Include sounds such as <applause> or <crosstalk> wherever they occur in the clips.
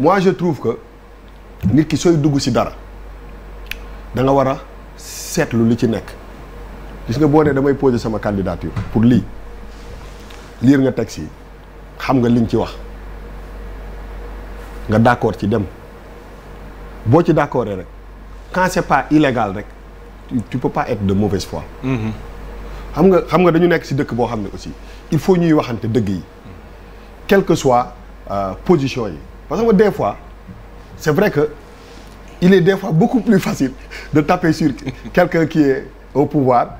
mois je trouve que nit ki sooy dugg si dara da nga war a seetlu li ci nekk gis nga boo nee damay poser sama candidature pour lii liir nga texte yi xam nga liñ ci wax nga d'accord ci dem boo ci d'accord rek quand c'est pas illégal rek tu peux pas être de mauvaise foi mm-hmm. xam nga xam nga dañu nekk si dëkk boo xam ne aussi il faut ñuy waxante dëgg yi quelque que soit euh, position yi parce que des fois c'est vrai que il est des fois beaucoup plus facile de taper sur quelqu'un qui est au pouvoir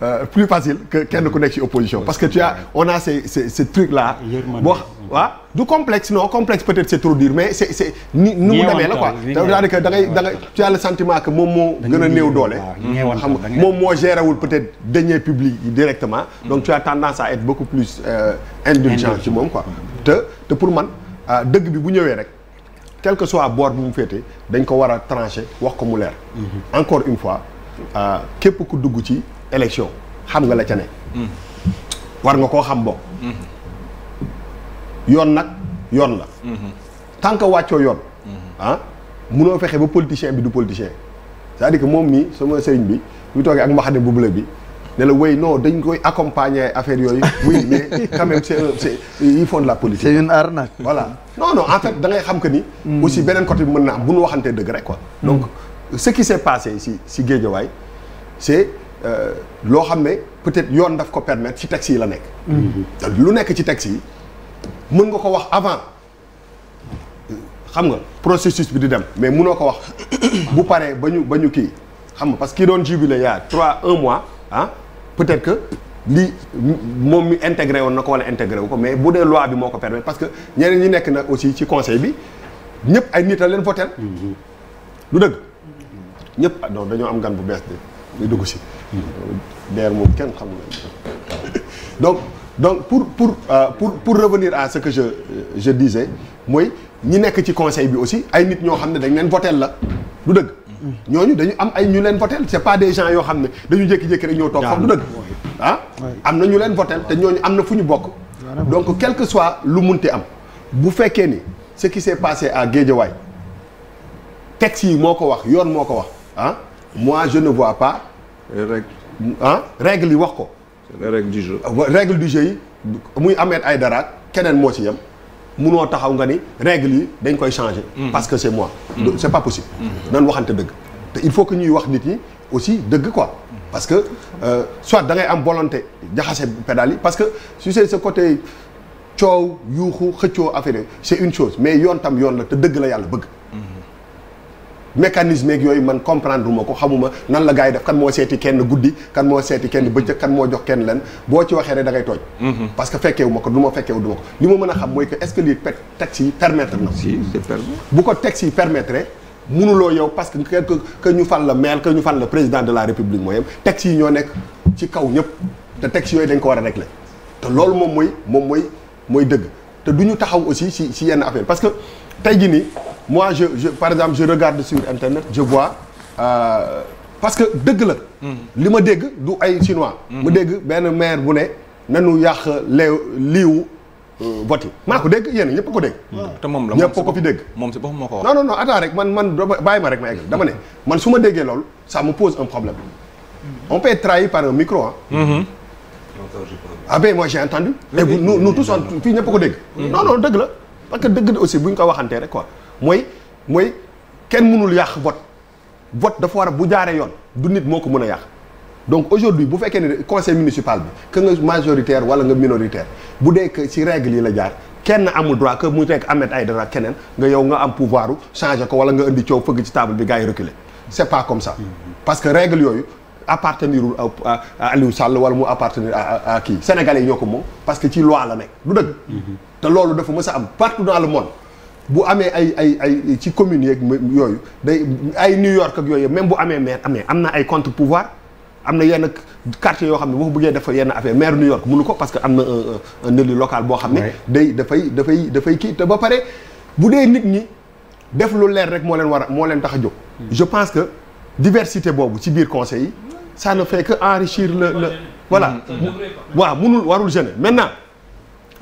euh, plus facile que kenn ku nekk ci opposition parce que tu as on a ces ces là boo du complexe non complexe peut-être c'est trop mais c'est c'est ni nu mu demee la quoi c'est-à-dire que da ngay da tu as le sentiment que moom moo gën a néew doole xam nga moom moo gérewul peut-être deniers publics directement donc tu as tendance à être beaucoup plus euh, indulgent ci moom quoi te te pour man Ah, dëgg bi bu ñëwee rek quelque que soit boor bu mu féete dañ ko war a tranché wax ko mu leer. Mhm. encore une fois ah, képp ku dugg ci élection xam nga la ca ne. Mhm. war nga koo xam bokk. Mhm. yoon nag yoon la. tant que wàccoo yoon. ah munoo fexe ba politicien bi du politicien cest à que moom nii sama sëriñ bi bu toogee ak mbaxane bu bleu bi. ne la wéy non dañ koy accompagner ay yooyu <laughs> oui mais quand même c'est euh, la politique. c'est une arnaque. voilà non non en fait da ngay xam que ni. Hmm. aussi beneen côté bi mën na am bu nu waxantee dëgg rek quoi. Hmm. donc ce qui s'est passé si si Guédiawaye c'est euh, loo xam ne peut-être yoon daf ko permettre ci taxi yi la nekk. Hmm. lu nekk ci taxi yi mën nga ko wax avant xam nga processus bi di dem mais munoo ko wax <coughs> bu paree ba ñu ba ñu kii xam nga parce que doon jubilé y a trois un mois ah. peut-être que li moom mi intégré woon na ko wala intégré wu ko mais bu dee loi bi moo ko permettre parce que ñeneen ñi nekk na aussi ci conseil bi ñëpp ay nit a leen voté. lu mm-hmm. dëgg ñëpp ah non dañoo am gan bu bees de dugg si. Mm-hmm. moom kenn xamul donc donc pour pour euh, pour pour revenir à ce que je je mooy ñi nekk ci conseil bi aussi ay nit ñoo xam ne dañ leen voté la lu dëgg. ñooñu dañu am ay ñu leen votel c'est pas des gens yoo xam ne dañu jékki-jékki rek ñoo toog foofu du dëgg ah am na ñu leen votel te ñooñu am na fu ñu bokk donc quel que soit lu ti am bu fekkee ni ce qui s'est passé à Guédiawaye texte yi moo ko wax yoon moo ko wax ah moi je ne vois pas ah règle yi wax ko règle du jeu yi muy ay Aïdara keneen moo ci yem munoo taxaw nga ni règle yi dañ koy changer. Mhm. parce que c'est moi. Mhm. c'est pas possible. Mhm. nan waxante dëgg. te il faut que ñuy wax nit ñi aussi dëgg ko parce que euh, soit dangay ngay am volonté jaxase pédale yi parce que su see ce côté coow yuuxu xëccoo affaire c'est une chose mais yoon tam yoon la te dëgg la yàlla bëgg. mécanisme yooyu man comprendre ma ko xamuma nan la gars yi def kan moo seeti kenn guddi kan moo seeti kenn bëccëg kan moo jox kenn leen boo ci waxee rek da ngay tooñ mhm. parce que fekkeewu ma ko du ma fekkeewu du ma ko li ma mën a xam mooy que est-ce yi permettre na si c'est bu ko texte yi permettre mënuloo yow parce que que ñu fal la maire que ñu fal la président de la république mooy yem texte yi ñoo nekk ci kaw ñëpp te texte yooyu dañ ko war a régler te loolu moom mooy moom mooy mooy dëgg te du ñu taxaw aussi si si yenn affaire parce que tey jii nii moi je, je par exemple je regarde sur internet je vois euh, parce que dëgg la. Hmm. li ma dégg du ay chinois. Hmm. ma dégg benn maire bu ne nanu yàq leew liiwu euh, vote yi maa ko dégg yéen ñëpp ko dégg. Hmm. te moom la ñëpp ko fi dégg. moom si boppam moo ko wax. man man bàyyi ma rek ma egg dama man su ma déggee loolu ça me pose un problème par un micro ah. ah ben moi j'ai entendu. et vous ko dégg. non non dëgg la parce que dëgg aussi bu buñ ko waxantee rek quoi. mooy mooy kenn mënul yàq vote vote dafa war a bu jaaree yoon du nit moo ko mën a yàq donc aujourd'hui bu fekkee ne conseil municipal bi que nga majoritaire wala nga minoritaire bu dee que ci règle yi la jaar kenn amul droit que mu nekk Ahmed Aïdara keneen nga yow nga am pouvoir changer ko wala nga indi coow fëgg ci table bi gars yi reculer c'est pas comme ça parce que règle yooyu appartenirul Aliou Sall wala mu appartenir à kii sénégalais yi ñoo ko moom parce que ci loi la nekk du mhm. te loolu dafa mës a am partout le monde bu amee ay ay ay ci communes yeeg yooyu day ay New York yooyu même bu amee maire amee am na ay contre pouvoir am na yenn quartier yoo xam ne boo bëggee def yenn affaire maire New York mënu ko parce que am na euh, euh, un élu boo xam ne day dafay dafay dafay kii te ba pare bu dee nit ñi def lu leer rek moo leen war a moo leen tax a jóg hmm. je pense que diversité boobu ci biir conseil yi ça ne fait que enrichir la le voilà hmm, hmm. waaw mënul warul gêner maintenant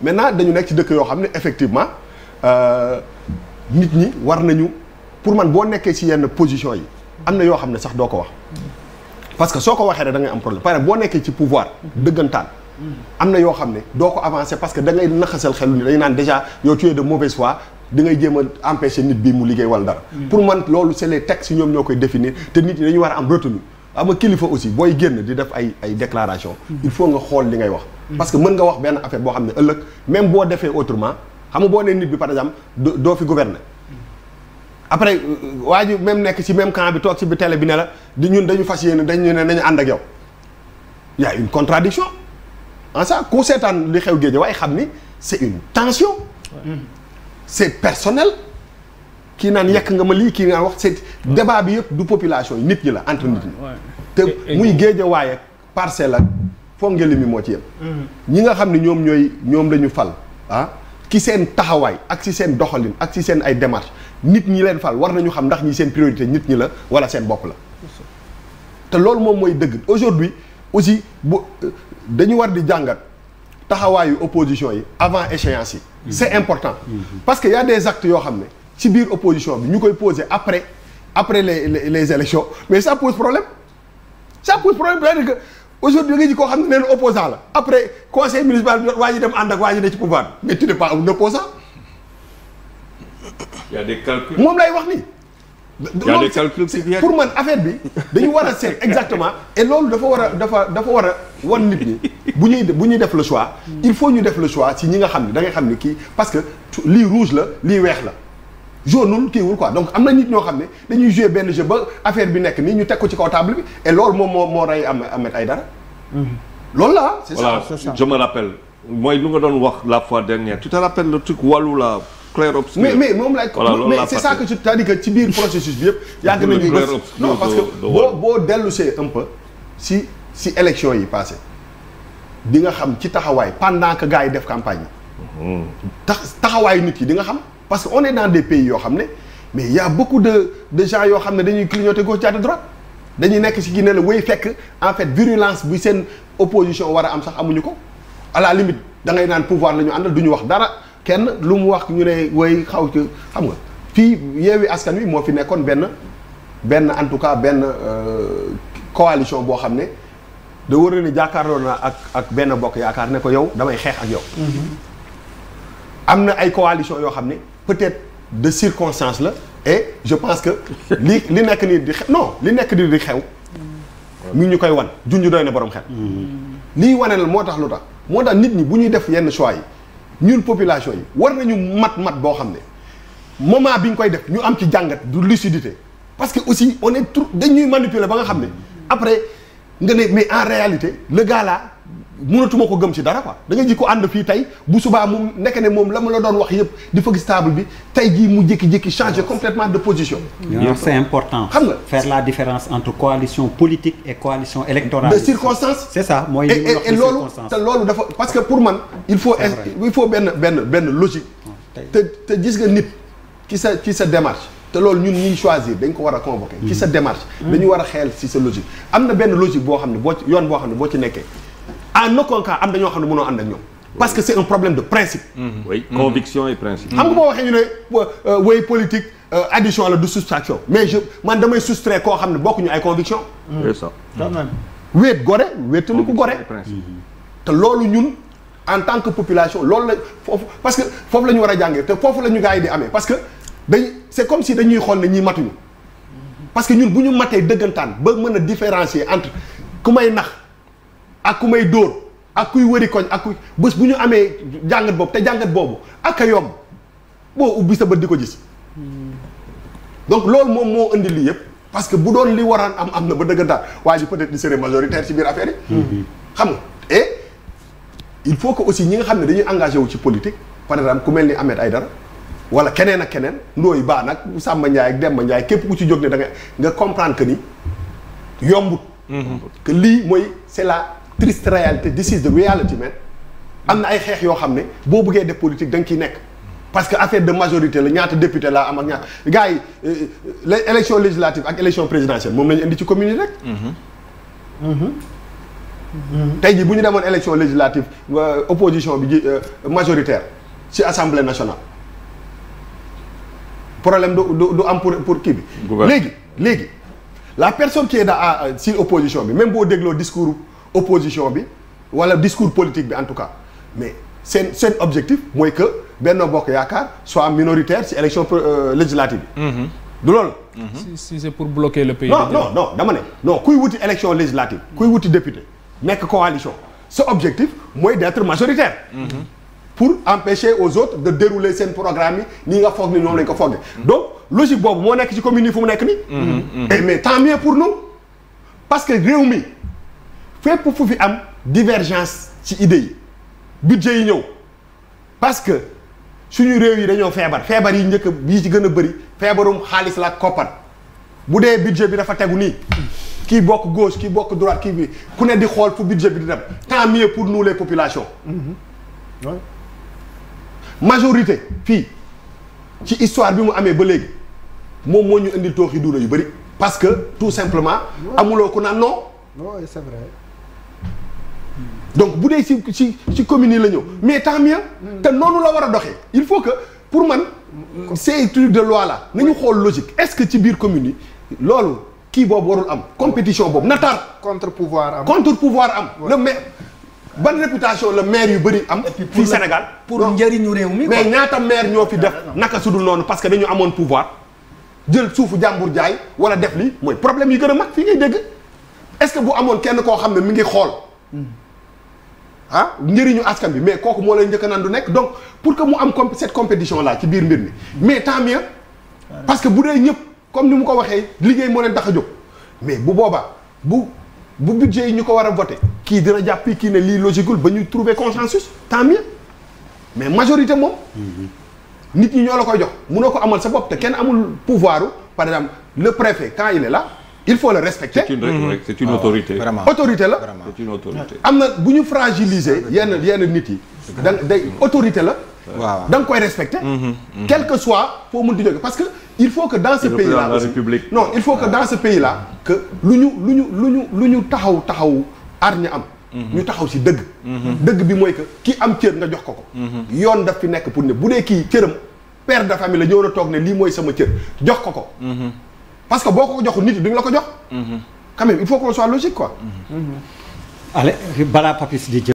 maintenant dañu nekk ci dëkk yoo xam ne effectivement Euh, nit ñi war nañu pour man boo nekkee ci yenn position yi am na yoo xam ne sax doo ko wax parce que soo ko waxee rek da am problème par boo nekkee ci pouvoir dëggantaan am na yoo xam ne doo ko avancer parce que da ngay naxasal xelu ni dañu naan déjà yow tu es de mauvaise foi da ngay jéem empêcher nit bi mu liggéey wala dara hmm. pour man loolu c'est teg textes ñoom ñoo koy définir te nit ñi dañu war a am retenue ama kilifa aussi booy génn di def ay ay déclaration hmm. il faut nga xool li ngay wax hmm. parce que mën nga wax benn affaire xam ne ëllëg même boo defee autrement xam nga boo nee nit bi par exemple doo fi gouverner après euh, waa ji même nekk ci même camp bi toog ci bi télé bi ne la di ñun dañu fas yéene dañu ne nañu ànd ak yow y a une contradiction en ça ku seetaan li xew géej waaye xam ni c'est une tension c'est personnel kii naan yekk nga ma lii kii naan wax c'est débat bi yëpp du population yi nit ñi la entre nit ñi te muy géej waaye parcelle ak foog ngeen mi moo ci yem mm-hmm. ñi nga xam ne ñoom ñooy ñoom lañu fal ah ci seen taxawaay ak ci seen doxalin ak ci seen ay démarche nit ñi leen fal war nañu xam ndax ñi seen priorité nit ñi la wala seen bopp la te loolu moom mooy dëgg aujourd'hui aussi bu euh, dañu war di jàngat taxawaayu opposition yi avant échéance yi mm-hmm. c'est important mm-hmm. parce que y a des yoo xam ne ci biir opposition bi ñu koy poser après après les les élections mais ça pose problème ça pose problème c'est-à-dire que aujourd'hui da nga ji koo xam ne neen opposant la après conseil municipal bi waa ji dem ànd ak waa ji ne ci pouvoir a des calculs moom lay wax nii y a des calculs pour man affaire bi dañu war a seet <laughs> exactement et loolu dafa war a dafa dafa war a wan nit ñi bu ñuy bu ñuy def le choix il faut ñu def le choix ci ñi nga xam ni da ngay xam ne kii parce que lii rouge la lii weex la joonul kiiwul quoi donc am na nit ñoo xam ne dañuy jouer benn jeu ba affaire bi nekk nii ñu teg ko ci kaw table bi et loolu moo moo rey am ay dara loolu la c'est ça voilà je rappelle mooy lu nga doon wax la fois dernière tu te rappelles le truc wàllu la clair obscur mais mais moom laaj mais c'est ça que c'est-à-dire que ci biir processus bi yëpp <laughs> yàgg nañu non parce que boo boo see un si si élection yi passé di nga xam ci taxawaay pendant que gars yi def campagne yi mm-hmm. tax taxawaayu nit ki di nga xam parce que on est de des pays yoo xam ne mais il y a beaucoup de de gens yoo xam ne dañuy clignoter gauche jaate droite dañuy nekk ci Guinée la way fekk en fait virulence bu seen opposition war a am sax amuñu ko à la limite da ngay naan pouvoir la ñu àndal du ñu wax dara kenn lu mu wax ñu ne way xaw ci xam nga fii yeewi askan wi moo fi nekkoon benn benn en tout cas benn euh, coalition boo xam ne da war a ne jàkkaarloo na ak ak benn bokk yaakaar ne ko yow damay xeex ak yow mm-hmm. am na ay coalition yoo xam ne peut-être de circonstance la et je pense que <laughs> li li nekk nii di xew non li nekk nii di xew mi ngi ñu koy wan junj doy na borom xel mm-hmm. liy wane la moo tax lu tax moo tax nit ñi bu ñuy def yenn choix yi ñun population yi war nañu mat mat boo xam ne moment bi ñu koy def ñu am ci jàngat du lucidité parce que aussi on est dañuy manipuler ba nga xam ne mm-hmm. après nga ne mais en réalité le gars mënatuma ko gëm si dara quoi da nga ji ko ànd fii tey bu subaa mu nekk ne moom la ma la doon wax yëpp di fa gis table bi tey jii mu jékki-jékki changer complètement de position. yow c'est important. xam nga faire la différence entre coalition politique et coalition électorale. de circonstance c'est ça mooy. li ma wax et loolu te loolu dafa parce que pour man. benn benn benn logique. Ah, te te gis nga nit ci sa ci sa démarche. te loolu ñun ñuy choisir dañ ko war a convoquer. ci sa hmm. démarche. Hmm. dañu war a xeel ci sa logique. am na benn logique boo xam ne boo ci yoon boo xam ne boo ci nekkee. en aucun cas am dañoo xam ne mënoo ànd ak ñoom parce que c'est un problème de principe mm-hmm. oui conviction et xam nga boo waxee ñu ne euh, way politique euh, addition la du soustraction mais je man damay soustraire koo xam ne bokkuñu ay conviction mm-hmm. wéet gore wéetali ko gore mm-hmm. te loolu ñun en tant que population loolu la foofu parce que foofu la ñu war a jàngee te foofu la ñu gars yi di amee parce que dañ c'est comme si dañuy xool ne ñii matuñu parce que ñun bu ñu matee dëggantaan ba mën a différencier entre ku may nax ak ku may dóor ak kuy wëri koñ ak ku bés bu ñu amee jàngat boobu te jàngat boobu ak a yomb boo ubbi sa bët di ko gis. donc loolu moom moo indi lii yëpp parce que bu doon li waraan am am na ba dëggantaan waa ji peut-être di serait majoritaire ci biir affaire yi. xam nga et il faut que aussi ñi nga xam ne dañuy engagé wu ci politique par exemple ku mel ni ay Aïdara wala keneen ak keneen ndooy baa nag Samba Ndiaye ak Demba Ndiaye képp ku ci jóg ne da nga nga ni yombut. triste réalité this is the reality man am na ay xeex yoo xam ne boo bëggee def politique da nga ciy nekk parce que affaire de majorité la ñaata député laa am ak ñaata gars yi les euh, euh, élections législatives ak élection présidentielle moom la ñu indi ci commune rek. Mm-hmm. Mm-hmm. Mm-hmm. tey jii bu ñu demoon élection législative euh, opposition bi ji majoritaire ci assemblée nationale problème du du am pour pour kii bi. léegi léegi la personne qui est dans si opposition bi même boo dégloo discours. opposition bi wala discours politique bi en tout cas mais seen seen objectif mooy que Benno Bokk Yaakaar soit minoritaire ci élection euh, législative bi mm-hmm. du loolu mm-hmm. si si c'est pour bloquer le pays non non non dama ne non kuy wuti élection législative kuy wuti député nekk coalition sa objectif mooy d'être majoritaire mm-hmm. pour empêcher aux autres de dérouler seen programme yi nii nga foog ni ñoom lañ ko foog donc logique boobu moo nekk ci commune yi fu mu nekk nii mais tant mieux pour nous parce que réew mi fépp fu fi am divergence ci idée yi budget yi ñëw parce que suñu réew yi dañoo feebar feebar yi njëkk yi ci gën a bëri feebarum xaalis laa koppar bu dee budget bi dafa tegu nii kii bokk gauche ki bokk droite kii ku ne di xool fu budget bi di dem tant mieux pour nous les populations mm-hmm. majorité fii ci histoire bi mu amee ba léegi moom moo ñu indi tooxi duuna yu bëri parce que tout simplement amuloo ku naan non. oui c'est donc bu dee si ci ci communes yi la ñëw mais tant mieux te noonu la war a doxee il faut que pour man ces trucs de loi là nañu xool logique est-ce que ci biir commune yi loolu kii boobu warul am compétition boobu na tar contre pouvoir am contre pouvoir am le maire ban réputation la maire yu bëri am fii Sénégal pour njëriñu réew mi mais ñaata maire ñoo fi def naka sudul noonu parce que dañu amoon pouvoir jël suufu jàmbur jaay wala def li mooy problème yi gën a mag fii ngay dégg est-ce que bu amoon kenn koo xam ne mi ngi xool hmm. ah njëriñu askan bi mais kooku moo lay njëkk naan du nekk donc pour que mu am comp cette compétition là ci biir mbir mi mm. mais tant mieux parce que bu dee ñëpp comme ni mu ko waxee liggéey moo leen tax a jóg mais bu boobaa bu bu budget yi ñu ko war a voté kii dina jàppi kii ne lii logicul ba ñu trouver consensus tant mieux mais majorité moom mm-hmm. nit ñi ñoo la koy jox munoo ko amal sa bopp te kenn amul pouvoir par exemple le préfet quand il est là il faut le respecter. c'est une règle c'est une ah. autorité. vraiment autorité la am na bu ñu fragiliser yenn yenn nit yi. da day autorité la. waaw da koy respecter. Mm-hmm, mm-hmm. quel que soit foo mën di jóge parce que il faut que dans ce pays là. république non il faut que dans ce pays que lu ñu lu ñu lu ñu lu ñu taxaw taxaw aar ñu am. Mm-hmm. ñu taxaw si dëgg. dëgg bi mooy que ki am cër nga jox ko ko. yoon daf fi nekk pour ne bu dee kii cëram père de famille la ñëw na toog ne lii mooy sama cër jox ko ko. parce que boo ko joxul nit duñ la ko jox. Mm-hmm. quand il faut qu'on soit logique quoi. Mm-hmm. Mm-hmm.